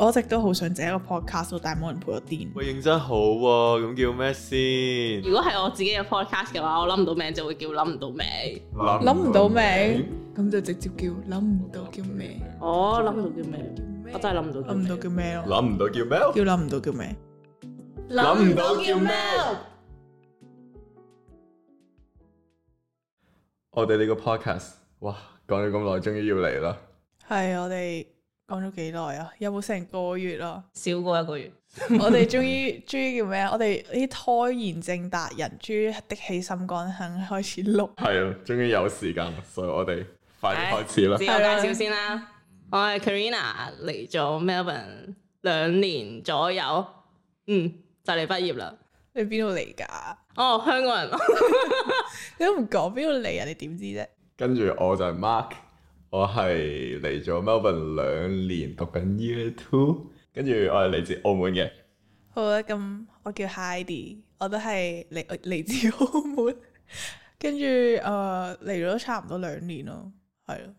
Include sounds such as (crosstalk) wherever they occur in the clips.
我一直都好想整一個 podcast，但係冇人陪我癲。喂，認真好喎，咁叫咩先？如果係我自己嘅 podcast 嘅話，我諗唔到名就會叫諗唔到名。諗唔到名，咁就直接叫諗唔到叫咩？哦，諗唔到叫咩？我真係諗唔到，諗唔到叫咩咯諗唔到叫咩？叫諗唔到叫咩？諗唔到叫咩？我哋呢個 podcast，哇，講咗咁耐，終於要嚟啦！係我哋。講咗幾耐啊？有冇成個月咯、啊？少過一個月。我哋終於終於叫咩啊？我哋啲拖延症達人終於的起心肝肯開始錄。係啊， (laughs) 終於有時間，所以我哋快啲開始啦。自我介紹先啦，了我係 Karina 嚟咗 Melbourne 兩年左右，嗯，就嚟、是、畢業啦。你邊度嚟噶？哦，香港人， (laughs) (laughs) 你都唔講邊度嚟啊？你點知啫？跟住我就係 Mark。我係嚟咗 Melbourne 兩年，讀緊 Year Two，跟住我係嚟自澳門嘅。好啊，咁我叫 Heidi，我都係嚟嚟自澳門，跟住誒嚟咗差唔多兩年咯，係咯。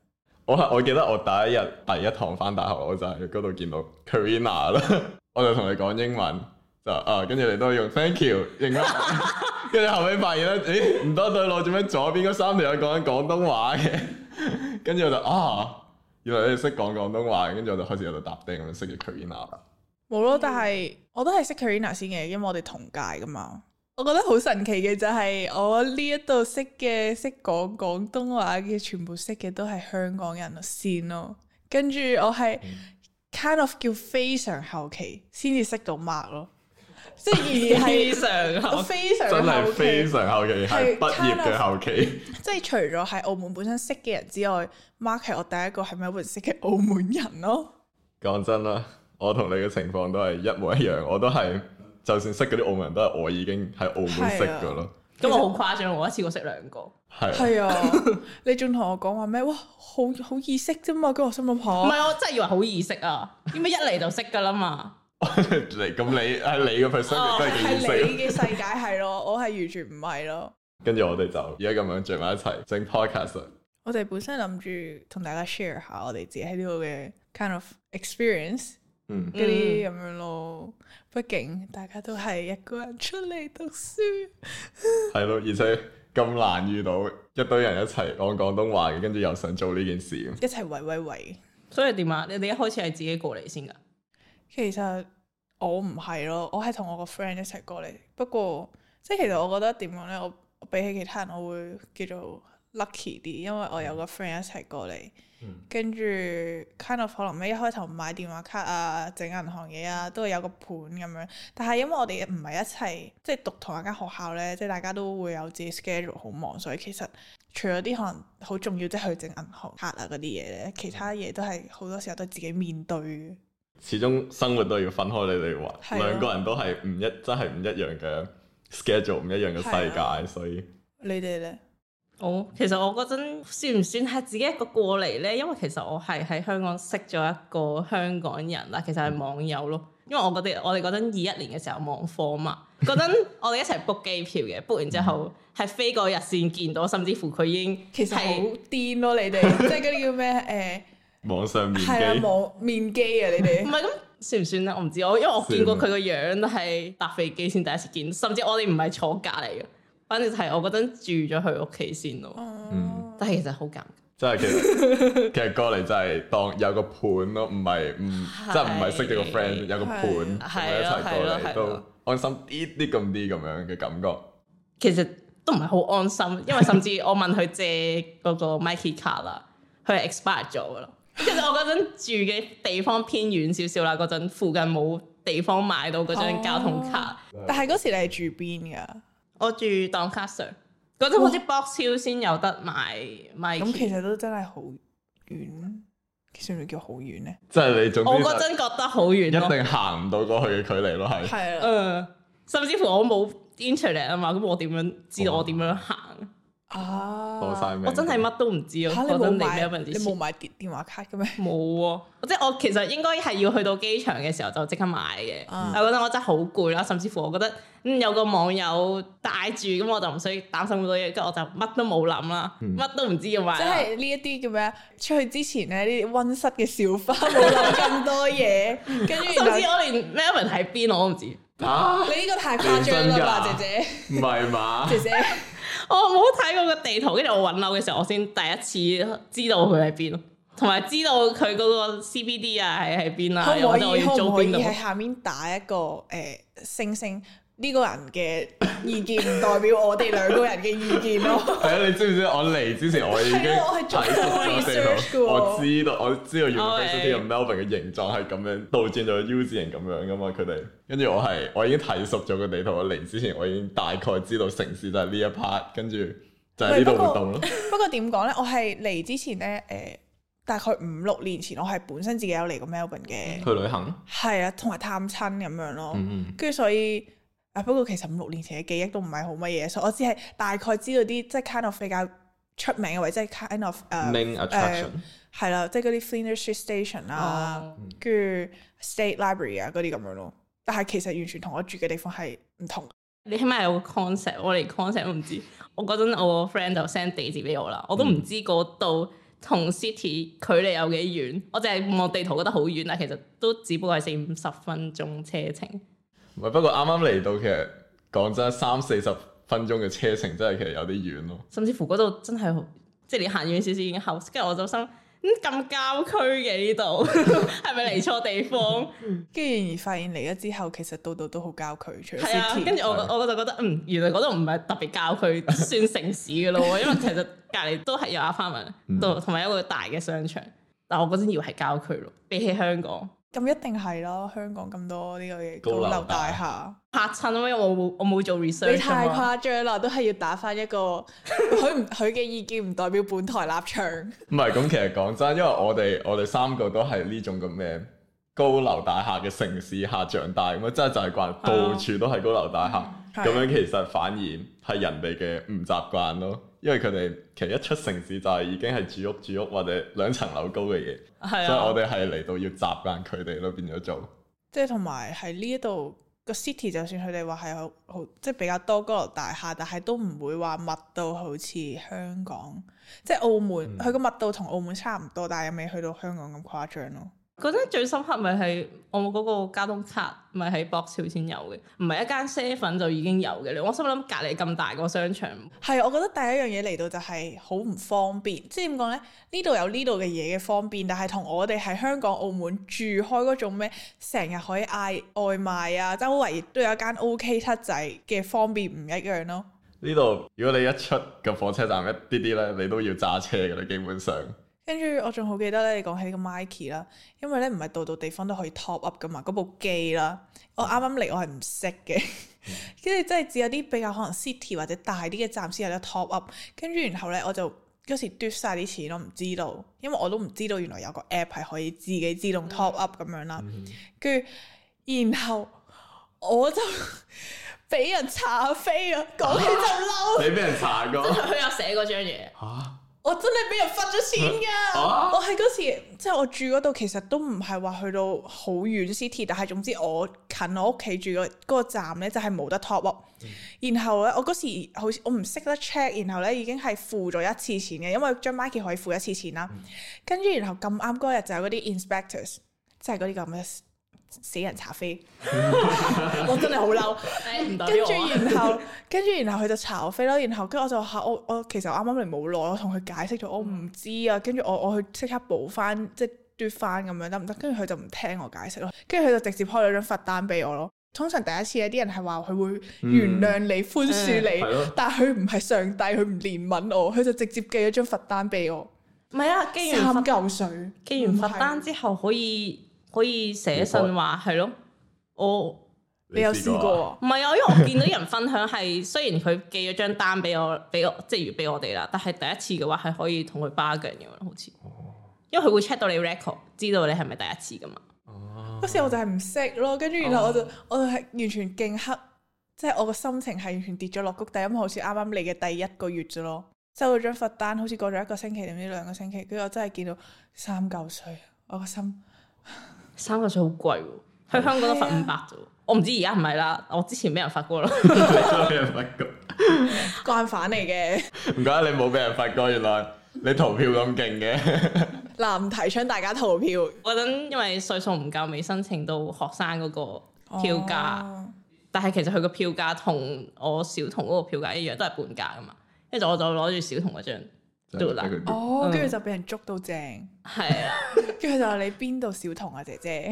我係我記得我第一日第一堂翻大學，我就喺嗰度見到 Karina 啦， (laughs) 我就同佢講英文，就啊，跟住嚟到用 Thank you，應該，跟住 (laughs) (laughs) 後尾發現咧，誒唔多對路，做咩左邊嗰三條友講緊廣東話嘅？ (laughs) 跟住我就啊，原來你哋識講廣東話，跟住我就開始喺度搭釘咁識住 Karina 啦。冇咯，但係我都係識 Karina 先嘅，因為我哋同屆㗎嘛。我覺得好神奇嘅就係我呢一度識嘅、識講廣東話嘅全部識嘅都係香港人先咯。跟住我係 kind of 叫非常後期先至識到 Mark 咯。即係而係非常，真係非常後期，係畢業嘅後期。後期 (laughs) 即係除咗喺澳門本身識嘅人之外，Mark 係我第一個係咪會識嘅澳門人咯？講真啦，我同你嘅情況都係一模一樣，我都係就算識嗰啲澳門人都係我已經喺澳門識噶咯。咁我好誇張，我一次過識兩個，係啊！ (laughs) 你仲同我講話咩？哇，好好，好易識啫嘛！咁我心諗怕，唔係我真係以為好易識啊！點解一嚟就識噶啦嘛？嚟咁 (laughs) 你喺 (laughs) 你嘅 person 都係幾 interesting 係你嘅世界係咯， (laughs) 我係完全唔係咯。跟住我哋就而家咁樣聚埋一齊整 podcast。我哋本身諗住同大家 share 下我哋自己喺呢度嘅 kind of experience，嗯，嗰啲咁樣咯。畢、嗯、竟大家都係一個人出嚟讀書，係 (laughs) 咯，而且咁難遇到一堆人一齊講廣東話嘅，跟住又想做呢件事，一齊喂喂喂。所以點啊？你哋一開始係自己過嚟先噶？其實我唔係咯，我係同我個 friend 一齊過嚟。不過即係其實我覺得點講呢？我比起其他人，我會叫做 lucky 啲，因為我有個 friend 一齊過嚟。跟住、嗯、kind of 可能一開頭買電話卡啊、整銀行嘢啊，都會有個伴咁樣。但係因為我哋唔係一齊，即係讀同一間學校呢，即係大家都會有自己 schedule 好忙，所以其實除咗啲可能好重要，即係去整銀行卡啊嗰啲嘢呢，其他嘢都係好多時候都係自己面對。始終生活都要分開你哋玩，兩、啊、個人都係唔一，真係唔一樣嘅 schedule，唔一樣嘅世界，啊、所以你哋咧，哦，其實我嗰陣算唔算係自己一個過嚟咧？因為其實我係喺香港識咗一個香港人啦，其實係網友咯，因為我覺得，我哋嗰陣二一年嘅時候網課嘛，嗰陣我哋一齊 book 機票嘅，book 完之後係飛過日線見到，甚至乎佢已經其實好癲咯，是你哋即係嗰啲叫咩誒？ (laughs) 網上面係啊，網面機啊，你哋唔係咁算唔算咧？我唔知，我因為我見過佢個樣都係了搭飛機先第一次見，甚至我哋唔係坐隔籬嘅，反正就係我嗰陣住咗佢屋企先咯。啊、但係其實好尷尬，即係其實 (laughs) 其實過嚟，就係當有個伴咯，唔係嗯， (laughs) 即係唔係識一個 friend 有個伴，係咯 (laughs) 是，係咯，係都安心啲啲咁啲咁樣嘅感覺。 (laughs) 其實都唔係好安心，因為甚至我問佢借嗰個 Myki 卡啦，佢係 expire 咗噶啦。其實我嗰陣住嘅地方偏遠少少啦，嗰陣附近冇地方買到嗰張交通卡，哦。但係嗰時你住邊噶？我住當卡上，嗰陣好似 box 超先有得買。咁，哦、錢其實都真係好遠，算唔算叫好遠咧？即係你總我嗰陣覺得好遠，一定行唔到過去嘅距離咯。係的，係，嗯，甚至乎我冇 i n t e r n e t 啊嘛，咁我點樣知道我點樣行？哦啊！我真係乜都唔知咯，我都未。你冇買電電話卡嘅咩？冇，即係我其實應該係要去到機場嘅時候就即刻買嘅。我覺得我真係好攰啦，甚至乎我覺得有個網友帶住，咁我就唔需要擔心咁多嘢，跟住我就乜都冇諗啦，乜都唔知咁買。即係呢一啲叫咩？出去之前咧，呢啲溫室嘅小花冇諗咁多嘢，甚至我連 Melbourne 喺邊我都唔知。你呢個太誇張啦，姐姐。唔係嘛，姐姐。我冇睇過個地圖，跟住我揾樓嘅時候，我先第一次知道佢喺邊咯，同埋知道佢嗰個 CBD 啊，喺喺邊啦。可唔可以，我要租邊度？喺下面打一個誒、呃、星星？呢個人嘅意見唔代表我哋兩個人嘅意見咯。係啊，你知唔知我嚟之前，我已經睇熟咗地圖，我知道，我知道，原來呢個 Melbourne 嘅形狀係咁樣倒轉咗 U 字形咁樣噶嘛。佢哋跟住我係，我已經睇熟咗個地圖。我嚟之前，我已經大概知道城市就係呢一 part，跟住就喺呢度活動咯。不過點講咧？我係嚟之前咧，誒、呃、大概五六年前，我係本身自己有嚟過 Melbourne 嘅去旅行，係啊，同埋探親咁樣咯。跟住、 (laughs) 嗯嗯、所以。啊，不過其實五六年前嘅記憶都唔係好乜嘢，所以我只係大概知道啲即係 kind of 比較出名嘅，位，即係 kind of 誒誒係啦，即係嗰啲、就是、Flinders Street Station 啊，跟住、oh. 啊嗯、State Library 啊嗰啲咁樣咯。但係其實完全同我住嘅地方係唔同。你起碼有個 concept，我連 concept 都唔知。我嗰陣我 friend (laughs) 就 send 地址俾我啦，我都唔知嗰度同 city 距離有幾遠。嗯、我淨係望地圖覺得好遠啦，其實都只不過係四五十分鐘車程。喂，不過啱啱嚟到，其實講真，三四十分鐘嘅車程真係其實有啲遠咯。甚至乎嗰度真係，即係你行遠少少已經後，跟住我就諗咁、嗯、郊區嘅呢度係咪嚟錯地方？跟住而發現嚟咗之後，其實度度都好郊區，除咗跟住我，啊、我就覺得嗯，原來嗰度唔係特別郊區，算城市嘅咯。 (laughs) 因為其實隔離都係有 apartment，度同埋一個大嘅商場，但我嗰陣以為係郊區咯，比起香港。咁一定係咯，香港咁多呢，這個嘢，高樓大廈嚇親啊！因為我冇我冇做 research。你太誇張啦，都係要打返一個佢佢嘅意見唔代表本台立場。唔係咁，其實講真，因為我哋我哋三個都係呢種咁嘅高樓大廈嘅城市下長大，咁啊真係就係慣到處都係高樓大廈，咁樣其實反而係人哋嘅唔習慣咯。因為佢哋其實一出城市就係已經係住屋住屋或者兩層樓高嘅嘢，係啊，所以我哋係嚟到要習慣佢哋咯變咗做，即係同埋喺呢一度個 city 就算佢哋話係好即係比較多高樓大廈，但係都唔會話密到好似香港，即係澳門佢個、嗯、密度同澳門差唔多，但係又未去到香港咁誇張咯。覺得最深刻咪係我嗰個交通卡咪喺博超先有嘅，唔係一間 Seven 就已經有嘅。我心諗隔離咁大個商場，係我覺得第一樣嘢嚟到就係好唔方便，即係點講呢？呢度有呢度嘅嘢嘅方便，但係同我哋喺香港澳門住開嗰種咩，成日可以嗌外賣啊，周圍都有一間 OK 七仔嘅方便唔一樣咯。呢度如果你一出個火車站一啲啲咧，你都要揸車嘅咧，基本上。跟住我仲好記得咧，你講起個 Mikey 啦，因為咧唔係度度地方都可以 top up 噶嘛，嗰部機啦，我啱啱嚟我係唔識嘅，跟住 (laughs) 真係只有啲比較可能 city 或者大啲嘅站先有得 top up，跟住然後咧我就嗰時嘟晒啲錢，我唔知道，因為我都唔知道原來有個 app 係可以自己自動 top up 咁樣啦，跟住然後我就俾 (laughs) 人查飛啊，講起就嬲。你俾人查過，佢有寫嗰張嘢啊？我真係俾人罰咗錢㗎、啊！啊、我喺嗰時即係、即係、我住嗰度，其實都唔係話去到好遠 city，但係總之我近我屋企住個嗰個站、嗯、呢，就係冇得 top up。然後呢，我嗰時好似我唔識得 check，然後呢已經係付咗一次錢嘅，因為張 myki 可以付一次錢啦。嗯、跟住然後咁啱嗰日就有嗰啲 inspectors，即係嗰啲咁嘅。死人查飛，我真係好嬲。跟住然後，跟住然後佢就查我飛咯。然後跟住，我就話我，我其實啱啱嚟冇耐，我同佢解釋咗我唔知啊。跟住我我去即刻補翻，即係嘟翻咁樣得唔得？跟住佢就唔聽我解釋咯。跟住佢就直接開咗張罰單俾我咯。通常第一次啊，啲人係話佢會原諒你、寬恕、嗯嗯、你， (laughs) (music) 但係佢唔係上帝，佢唔憐憫我，佢就直接寄咗張罰單俾我。唔係啊，喊完三嚿水，寄完罰單，單之後可以。是 (music) 可以寫信話係咯，我你有試過？唔係啊，因為我見到啲人分享係， (laughs) 雖然佢寄咗張單俾我，俾我即係如俾我哋啦，但係第一次嘅話係可以同佢 bargain 咁樣，好似，因為佢會 check 到你 record，知道你係咪第一次噶嘛。嗰、啊、時我就係唔識咯，跟住然後我就、啊、我就係完全勁黑，即、就、係、是、我個心情係完全跌咗落谷底，因為好似啱啱嚟嘅第一個月啫咯，收到張罰單，好似過咗一個星期定唔知兩個星期，跟住我真係見到三嚿水，我個心～三個歲好貴喎，去香港都罰五百咋。啊、我唔知而家唔係啦，我之前俾人罰過啦。俾人罰過，慣犯嚟嘅。唔該，你冇俾人罰過，原來你逃票咁勁嘅？嗱，唔提倡大家逃票。嗰陣因為歲數唔夠，未申請到學生嗰個票價，哦、但係其實佢個票價同我小童嗰個票價一樣，都係半價噶嘛。跟住我就攞住小童嗰張。那個、哦，跟住就俾人捉到正，係啊、嗯！跟住就話 (laughs) 你邊度小童啊，姐姐，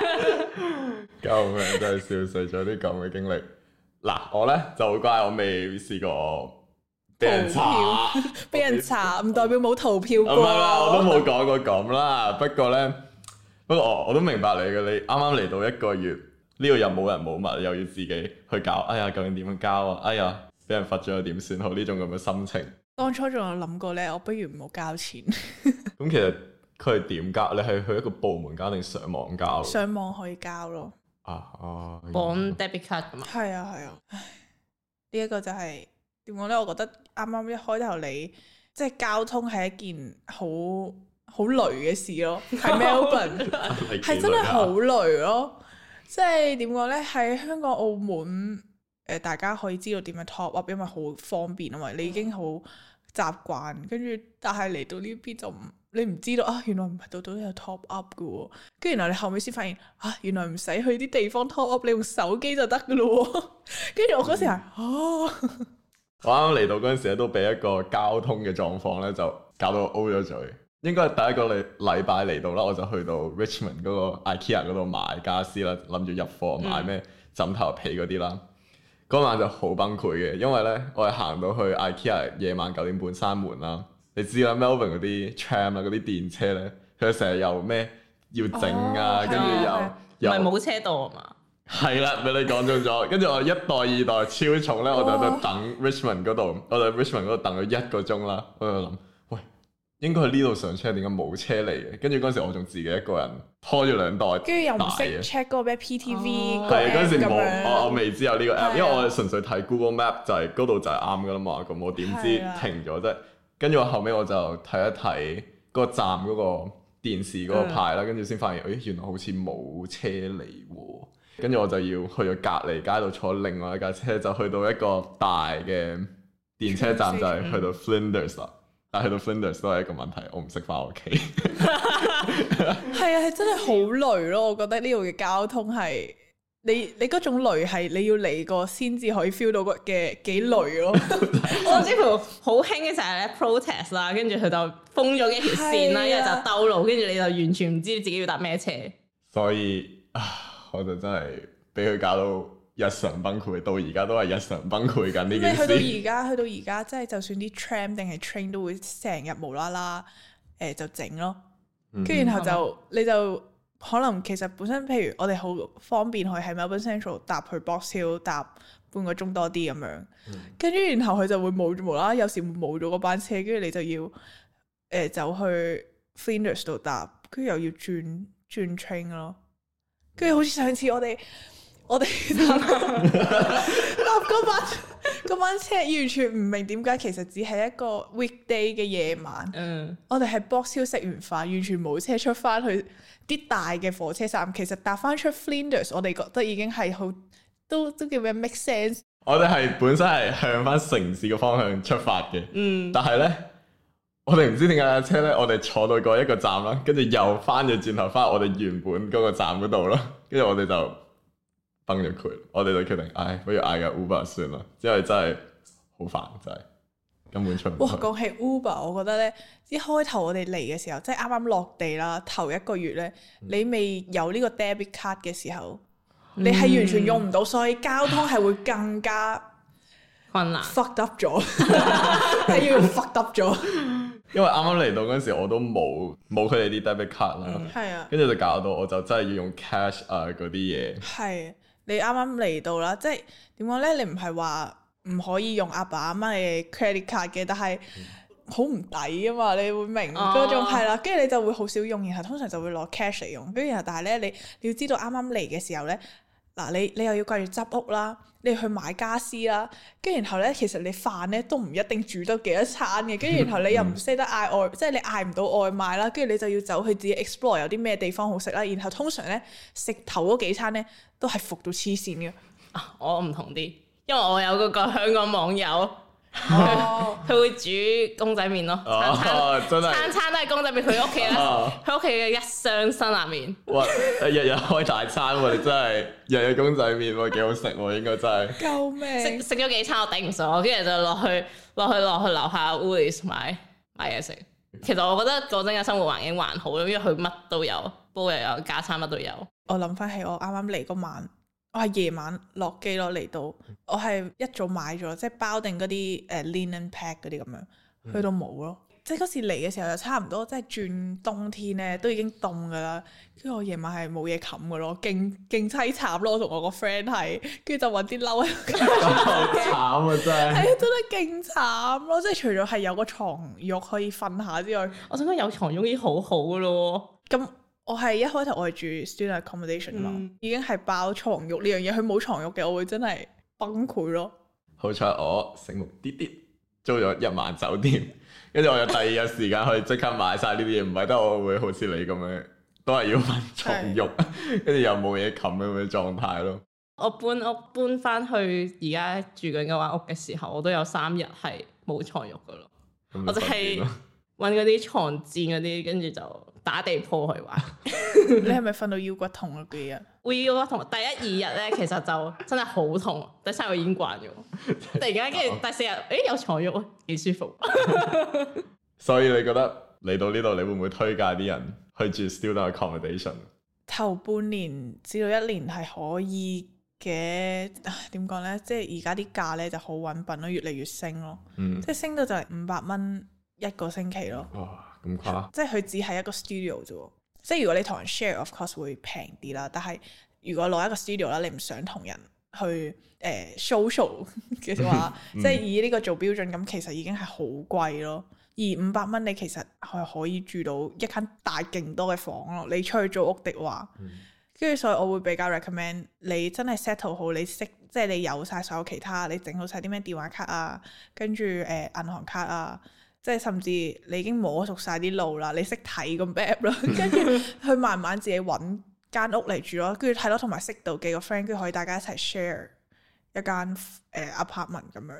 (laughs) 救命！真、就、係、是、笑死咗啲咁嘅經歷。嗱，我咧就好乖，我未試過，俾人查，俾票 (laughs) 人查唔 (laughs) 代表冇逃票。唔係唔係，我都冇講過咁啦。不過咧，不過我、哦、我都明白你嘅。你啱啱嚟到一個月，呢度又冇人冇物，又要自己去搞。哎呀，究竟點樣交啊？哎呀，俾人罰咗又點算？好呢種咁嘅心情。當初仲有諗過咧，我不如唔好交錢。咁 (laughs) 其實佢係點交咧？係去一個部門交定上網交？上網可以交咯。啊哦，綁 debit card 嘛？係啊係啊。呢一、啊這個就係點講咧？我覺得啱啱一開頭你即係交通係一件好好累嘅事咯。喺 (laughs) Melbourne 係 (laughs) 真係好累咯。 (laughs) 即係點講咧？喺香港澳門。誒，大家可以知道點樣 top up，因為好方便啊嘛，你已經好習慣，跟住，但係嚟到呢邊就唔，你唔知道啊，原來唔係度度都有 top up 嘅，跟住然後你後尾先發現啊，原來唔使去啲地方 top up，你用手機就得嘅咯。跟住我嗰時、嗯、啊， (laughs) 我啱啱嚟到嗰陣時都俾一個交通嘅狀況咧，就搞到 O 咗嘴。應該係第一個禮禮拜嚟到啦，我就去到 Richmond 嗰個 IKEA 嗰度買傢俬啦，諗住入貨買咩枕頭被嗰啲啦。嗯嗰晚就好崩潰嘅，因為咧我係行到去 IKEA 夜晚九點半閂門啦。你知啦，Melbourne 嗰啲 tram 啦、嗰啲電車咧，佢成日又咩要整啊，跟住又又唔係冇車到啊嘛。係啦，俾你講中咗。跟住 (laughs) 我一袋二袋超重咧， (laughs) 我就喺度 Rich 等 Richmond 嗰度，我喺 Richmond 嗰度等咗一個鐘啦，我喺度諗。應該喺呢度上車，點解冇車嚟嘅？跟住嗰陣時，我仲自己一個人拖住兩袋，跟住又唔識 check 嗰個咩 PTV，係嗰陣時冇，我樣、哦、我未知有呢個 app，啊、因為我純粹睇 Google Map 就係嗰度就係啱㗎啦嘛。咁我點知停咗啫？跟住我後尾我就睇一睇個站嗰個電視嗰個牌啦，跟住先發現，咦、哎、原來好似冇車嚟喎。跟住我就要去咗隔離街度坐另外一架車，就去到一個大嘅電車站，就係去到 Flinders 啦。但係到 Flinders 都係一個問題，我唔識翻屋企。係 (laughs) (laughs) 啊，真係好累咯！我覺得呢度嘅交通係，你你嗰種累係你要嚟過先至可以 feel 到嘅幾累咯。我之前好興嘅就係咧 protest 啦，跟住佢就封咗幾條線啦，啊、然後就兜路，跟住你就完全唔知道自己要搭咩車。所以啊，我就真係俾佢搞到。日常崩潰到而家都係日常崩潰緊，呢件事。咁去到而家，去到而家，即係就算啲 tr tram 定係 train 都會成日無啦啦，誒、呃、就整咯。跟住、嗯、然後就、嗯、你就可能其實本身，譬如我哋好方便去喺 Melbourne Central 搭去 Box Hill 搭半個鐘多啲咁樣。跟住、嗯、然後佢就會冇咗無啦，有時會冇咗嗰班車，跟住你就要誒走去 Flinders 度搭，跟住又要轉轉 train 咯。跟住好似上次我哋。 (laughs) 我哋搭搭個班個 (laughs) (laughs) 班車，完全唔明點解其實只係一個 weekday 嘅夜晚。嗯，我哋係 box 超食完飯，完全冇車出翻去啲大嘅火車站。其實搭翻出 Flinders，我哋覺得已經係好都都叫咩 make sense。我哋係本身係向翻城市嘅方向出發嘅。嗯，但係呢，我哋唔知點解架車呢，我哋坐到過一個站啦，跟住又翻咗轉頭翻我哋原本嗰個站嗰度囉，跟住我哋就。我哋就決定唉，不如嗌個 Uber 算啦，因為真係好煩，真係根本出唔到。哇，講起 Uber，我覺得呢一開頭我哋嚟嘅時候，即係啱啱落地啦，頭一個月呢，你未有呢個 debit card 嘅時候，你係完全用唔到，所以交通係會更加困難。Fucked up 咗，係要用 fucked up 咗。因為啱啱嚟到嗰陣時，我都冇冇佢哋啲 debit card 啦，係啊，跟住就搞到我就真係要用 cash 啊嗰啲嘢，係。你啱啱嚟到啦，即係點講咧？你唔係話唔可以用阿爸阿媽嘅 credit card 嘅，但係好唔抵啊嘛！你會明嗰、oh. 種係啦，跟住你就會好少用，然後通常就會攞 cash 嚟用，跟住然後但係咧，你你要知道啱啱嚟嘅時候咧。嗱、啊，你你又要掛住執屋啦，你去買家私啦，跟住，然後咧，其實你飯咧都唔一定煮得幾多餐嘅，跟住，然後你又唔識得嗌外， (laughs) 即係你嗌唔到外賣啦，跟住你就要走去自己 explore 有啲咩地方好食啦，然後通常咧食頭嗰幾餐咧都係服到黐線嘅。啊，我唔同啲，因為我有嗰個香港網友。佢佢、哦、 (laughs) 會煮公仔麵咯，餐餐，哦、餐，餐都係公仔麵。佢屋企咧，佢屋企嘅一箱辛辣麵。哇！日日開大餐， (laughs) 真係日日公仔麵，幾好食應該真係。救命！食食咗幾餐我頂唔順，我跟住就落去落去落去樓下 Woolies 買買嘢食。其實我覺得嗰陣嘅生活環境還好咯，因為佢乜都有，煲又有加餐，乜都有。我諗翻起我啱啱嚟嗰晚。我係夜晚落機咯，嚟到我係一早買咗，即係包定嗰啲誒 linen pack 嗰啲咁樣，去到冇咯。嗯、即係嗰時嚟嘅時候就差唔多，即係轉冬天咧，都已經凍噶啦。我跟住我夜晚係冇嘢冚噶咯，勁勁淒慘咯，我同我個 friend 係，跟住就搵啲褸喺度冚。慘啊，真係！係真係勁慘咯，即係除咗係有個床褥可以瞓下之外，我想講有床褥已經好好噶咯。咁。我係一開頭我係住 student accommodation 咯，嗯、已經係包床褥呢樣嘢，佢冇床褥嘅，我會真係崩潰咯。好彩我醒目啲啲，租咗一晚酒店，跟住我又第二日時間去即刻買晒呢啲嘢，唔係 (laughs) 得我會好似你咁樣，都係要瞓床褥，跟住是又冇嘢冚咁嘅狀態咯。我搬，我搬屋搬翻去而家住緊嗰間屋嘅時候，我都有三日係冇床褥噶咯， (laughs) 我就係搵嗰啲床墊嗰啲，跟住就。打地鋪去玩， (laughs) 你係咪瞓到腰骨痛啊？嗰啊，會腰骨痛，第一、二日咧，其實就真係好痛。第三日已經慣咗， (laughs) 突然間跟住第四日，誒、 (laughs) 欸、有牀褥啊，幾舒服。 (laughs) 所以你覺得嚟到呢度，你會唔會推介啲人去住 Studio Accommodation？頭半年至到一年係可以嘅，點講咧？即係而家啲價咧就好穩笨咯，越嚟越升咯。嗯、即係升到就係五百蚊一個星期咯。咁誇？即係佢只係一個 studio 啫喎，即係如果你同人 share，of course 會平啲啦。但係如果攞一個 studio 啦，你唔想同人去誒 social 嘅話， (laughs) 即係以呢個做標準，咁其實已經係好貴咯。而五百蚊你其實係可以住到一間大勁多嘅房咯。你出去租屋嘅話，跟住 (laughs) 所以我會比較 recommend 你真係 settle 好，你識即係你有晒所有其他，你整好晒啲咩電話卡啊，跟住誒銀行卡啊。即係甚至你已經摸熟晒啲路啦，你識睇咁 app 啦，跟住去慢慢自己揾間屋嚟住咯，跟住係咯，同埋識到幾個 friend，跟住可以大家一齊 share 一間誒、呃、apartment 咁樣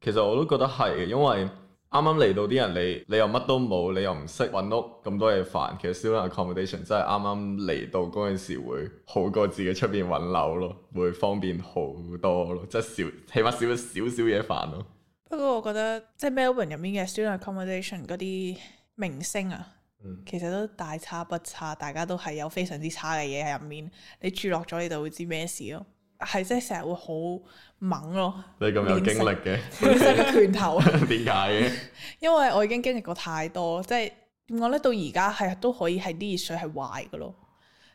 其剛剛。其實我都覺得係嘅，因為啱啱嚟到啲人，你你又乜都冇，你又唔識揾屋咁多嘢煩。其實 sharing accommodation 真係啱啱嚟到嗰陣時會好過自己出邊揾樓咯，會方便好多咯，即係少起碼少咗少少嘢煩咯。不過我覺得即係 Melbourne 入面嘅 student accommodation 嗰啲明星啊，嗯、其實都大差不差，大家都係有非常之差嘅嘢喺入面。你住落咗，是是你就會知咩事咯。係即係成日會好猛咯。你咁有經歷嘅，即係個拳頭。點解嘅？因為我已經經歷過太多，即係點講咧？到而家係都可以係啲熱水係壞嘅咯。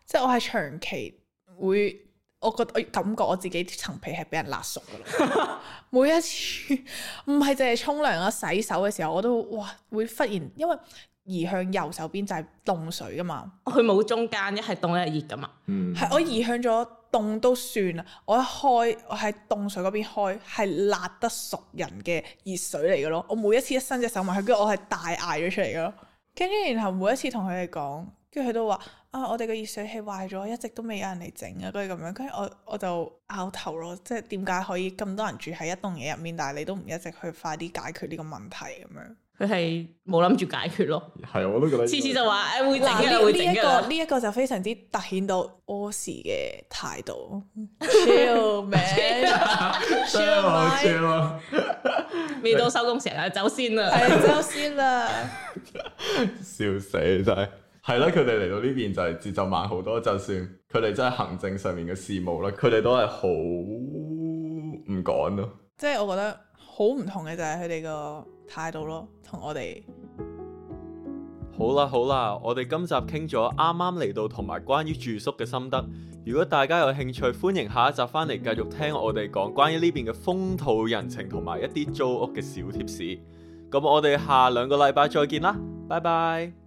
即係我係長期會。我覺我感覺我自己層皮係俾人辣熟嘅啦，每一次唔係淨係沖涼啊、洗、洗手嘅時候，我都哇會忽然因為移向右手邊就係凍水嘅嘛，佢冇中間，一係凍一係熱嘅嘛，係、嗯、我移向咗凍都算啊！我一開我喺凍水嗰邊開係辣得熟人嘅熱水嚟嘅咯，我每一次一伸隻手埋去，跟住我係大嗌咗出嚟嘅咯，跟住然後每一次同佢哋講，跟住佢都話。啊！我哋個熱水器壞咗，一直都未有人嚟整啊，佢咁樣，跟住我我就拗頭咯。即係點解可以咁多人住喺一棟嘢入面，但係你都唔一直去快啲解決呢個問題咁樣？佢係冇諗住解決咯，係我都覺得次次就話誒會難，呢一個呢一個就非常之凸顯到屙屎嘅態度，超明未到收工時間，走先啦，走先啦，笑死真係。係啦，佢哋嚟到呢邊就係節奏慢好多，就算佢哋真係行政上面嘅事務啦，佢哋都係好唔趕咯。趕即係我覺得好唔同嘅就係佢哋個態度咯，同我哋。好啦好啦，我哋今集傾咗啱啱嚟到同埋關於住宿嘅心得。如果大家有興趣，歡迎下一集翻嚟繼續聽我哋講關於呢邊嘅風土人情同埋一啲租屋嘅小貼士。咁我哋下兩個禮拜再見啦，拜拜。